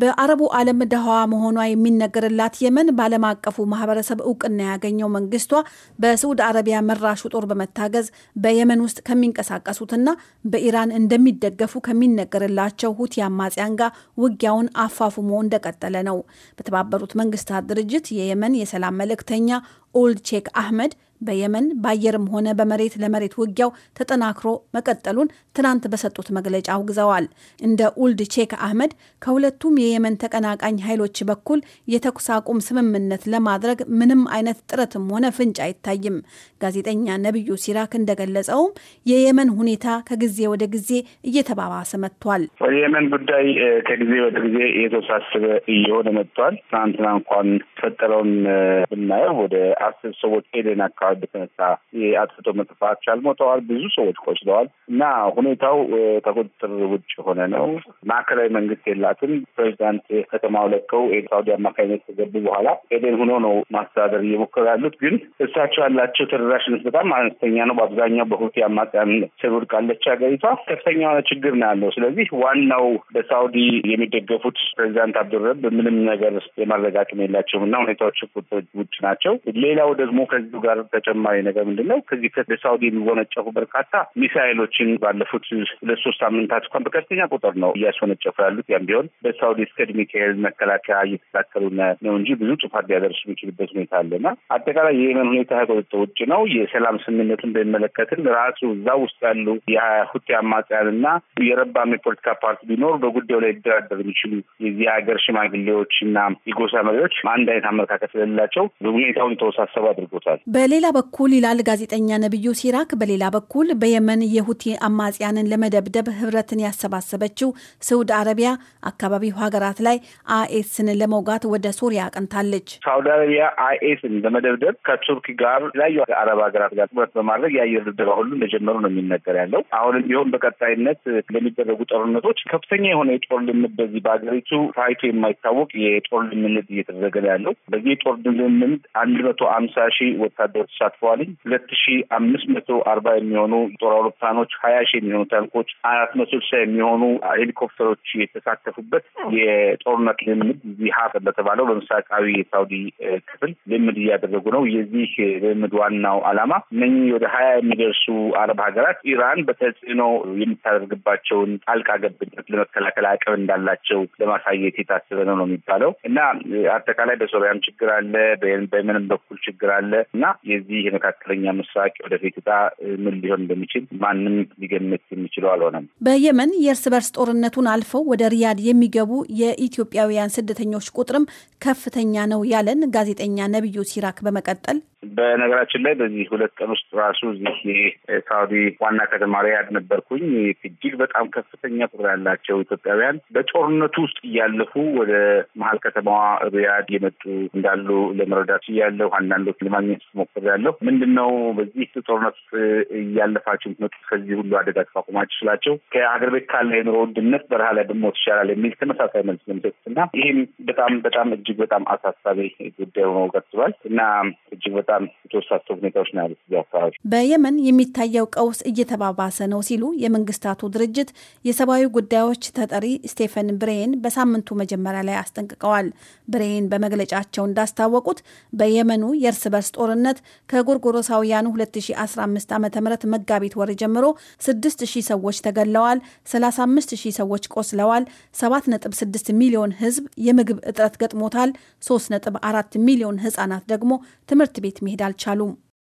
በአረቡ ዓለም ድሃዋ መሆኗ የሚነገርላት የመን በዓለም አቀፉ ማህበረሰብ እውቅና ያገኘው መንግስቷ በስዑድ አረቢያ መራሹ ጦር በመታገዝ በየመን ውስጥ ከሚንቀሳቀሱትና በኢራን እንደሚደገፉ ከሚነገርላቸው ሁቲ አማጽያን ጋር ውጊያውን አፋፍሞ እንደቀጠለ ነው። በተባበሩት መንግስታት ድርጅት የየመን የሰላም መልእክተኛ ኦልድ ቼክ አህመድ በየመን በአየርም ሆነ በመሬት ለመሬት ውጊያው ተጠናክሮ መቀጠሉን ትናንት በሰጡት መግለጫ አውግዘዋል። እንደ ኡልድ ቼክ አህመድ ከሁለቱም የየመን ተቀናቃኝ ኃይሎች በኩል የተኩስ አቁም ስምምነት ለማድረግ ምንም አይነት ጥረትም ሆነ ፍንጭ አይታይም። ጋዜጠኛ ነቢዩ ሲራክ እንደገለጸውም የየመን ሁኔታ ከጊዜ ወደ ጊዜ እየተባባሰ መጥቷል። የየመን ጉዳይ ከጊዜ ወደ ጊዜ እየተወሳሰበ እየሆነ መጥቷል። ትናንትና እንኳን ፈጠረውን ብናየው ወደ አስር ሰዎች ሄደን አካባቢ የተነሳ የአጥፍቶ መጥፋት አልሞተዋል፣ ብዙ ሰዎች ቆስለዋል እና ሁኔታው ከቁጥጥር ውጭ የሆነ ነው። ማዕከላዊ መንግስት የላትም። ፕሬዚዳንት ከተማው ለቀው የሳውዲ አማካኝነት ከገቡ በኋላ ኤደን ሆኖ ነው ማስተዳደር እየሞከሩ ያሉት። ግን እሳቸው ያላቸው ተደራሽነት በጣም አነስተኛ ነው። በአብዛኛው በሁቲ አማጽያን ስር ወድቃለች ሀገሪቷ። ከፍተኛ የሆነ ችግር ነው ያለው። ስለዚህ ዋናው በሳውዲ የሚደገፉት ፕሬዚዳንት አብዱረብ ምንም ነገር የማድረግ አቅም የላቸውም እና ሁኔታዎች ቁጥጥር ውጭ ናቸው። ሌላው ደግሞ ከዚሁ ጋር ተጨማሪ ነገር ምንድን ነው? ከዚህ ከሳውዲ የሚወነጨፉ በርካታ ሚሳይሎችን ባለፉት ሁለት ሶስት ሳምንታት እንኳን በከፍተኛ ቁጥር ነው እያስወነጨፉ ያሉት። ያም ቢሆን በሳውዲ እስከ ዕድሜ መከላከያ እየተካከሉ ነው እንጂ ብዙ ጥፋት ሊያደርሱ የሚችሉበት ሁኔታ አለና አጠቃላይ የየመን ሁኔታ ከቁጥጥር ውጭ ነው። የሰላም ስምምነትን በሚመለከትን ራሱ እዛ ውስጥ ያሉ የሁቲ አማጽያንና የረባም የፖለቲካ ፓርቲ ቢኖር በጉዳዩ ላይ ሊደራደር የሚችሉ የዚህ ሀገር ሽማግሌዎች ሽማግሌዎችና የጎሳ መሪዎች አንድ አይነት አመለካከት ስለሌላቸው ሁኔታውን ተወሳሰቡ አድርጎታል። በሌላ በኩል ይላል ጋዜጠኛ ነቢዩ ሲራክ፣ በሌላ በኩል በየመን የሁቲ አማጽያንን ለመደብደብ ህብረትን ያሰባሰበችው ሳውዲ አረቢያ አካባቢው ሀገራት ላይ አይኤስን ለመውጋት ወደ ሱሪያ አቅንታለች። ሳውዲ አረቢያ አይኤስን ለመደብደብ ከቱርክ ጋር የተለያዩ አረብ ሀገራት ጋር ጥረት በማድረግ የአየር ድብደባ ሁሉ እንደጀመሩ ነው የሚነገር ያለው። አሁንም ቢሆን በቀጣይነት ለሚደረጉ ጦርነቶች ከፍተኛ የሆነ የጦር ልምድ በዚህ በሀገሪቱ ታይቶ የማይታወቅ የጦር ልምምድ እየተደረገ ነው ያለው። በዚህ የጦር ልምምድ አንድ መቶ አምሳ ሺህ ወታደሮች ተሳትፈዋልኝ ሁለት ሺ አምስት መቶ አርባ የሚሆኑ ጦር አውሮፕላኖች፣ ሀያ ሺ የሚሆኑ ታንኮች፣ አራት መቶ ስልሳ የሚሆኑ ሄሊኮፕተሮች የተሳተፉበት የጦርነት ልምድ ዚሀ በተባለው በምስራቃዊ የሳውዲ ክፍል ልምድ እያደረጉ ነው። የዚህ ልምድ ዋናው ዓላማ እነኚህ ወደ ሀያ የሚደርሱ አረብ ሀገራት ኢራን በተጽዕኖ የምታደርግባቸውን ጣልቃ ገብነት ለመከላከል አቅም እንዳላቸው ለማሳየት የታሰበ ነው ነው የሚባለው እና አጠቃላይ በሶሪያም ችግር አለ፣ በየመንም በኩል ችግር አለ እና ስለዚህ የመካከለኛ ምስራቅ ወደፊት ዕጣ ምን ሊሆን እንደሚችል ማንም ሊገምት የሚችለው አልሆነም። በየመን የእርስ በርስ ጦርነቱን አልፈው ወደ ሪያድ የሚገቡ የኢትዮጵያውያን ስደተኞች ቁጥርም ከፍተኛ ነው ያለን ጋዜጠኛ ነቢዩ ሲራክ በመቀጠል በነገራችን ላይ በዚህ ሁለት ቀን ውስጥ ራሱ እዚህ የሳኡዲ ዋና ከተማ ሪያድ ነበርኩኝ። እጅግ በጣም ከፍተኛ ቁጥር ያላቸው ኢትዮጵያውያን በጦርነቱ ውስጥ እያለፉ ወደ መሀል ከተማዋ ሪያድ የመጡ እንዳሉ ለመረዳት እያለሁ አንዳንዶች ለማግኘት ሞክር ያለው ምንድን ነው? በዚህ ጦርነት እያለፋችሁ ምክንያቱ ከዚህ ሁሉ አደጋ ተቋቁማችሁ ስላቸው ከሀገር ቤት ካለ የኑሮ ውድነት በረሃ ላይ ብሞት ይሻላል የሚል ተመሳሳይ መልስ ለሚሰጡት እና ይህም በጣም በጣም እጅግ በጣም አሳሳቢ ጉዳይ ሆኖ ቀጥሏል እና እጅግ በጣም የተወሳሰቡ ሁኔታዎች ነው ያሉት እዚህ አካባቢ። በየመን የሚታየው ቀውስ እየተባባሰ ነው ሲሉ የመንግስታቱ ድርጅት የሰብአዊ ጉዳዮች ተጠሪ ስቴፈን ብሬን በሳምንቱ መጀመሪያ ላይ አስጠንቅቀዋል። ብሬን በመግለጫቸው እንዳስታወቁት በየመኑ የእርስ በርስ ጦርነት ከጎርጎሮሳውያኑ 2015 ዓ ም መጋቢት ወር ጀምሮ 6000 ሰዎች ተገለዋል፣ 35000 ሰዎች ቆስለዋል፣ 7.6 ሚሊዮን ህዝብ የምግብ እጥረት ገጥሞታል፣ 3.4 ሚሊዮን ህጻናት ደግሞ ትምህርት ቤት መሄድ አልቻሉም።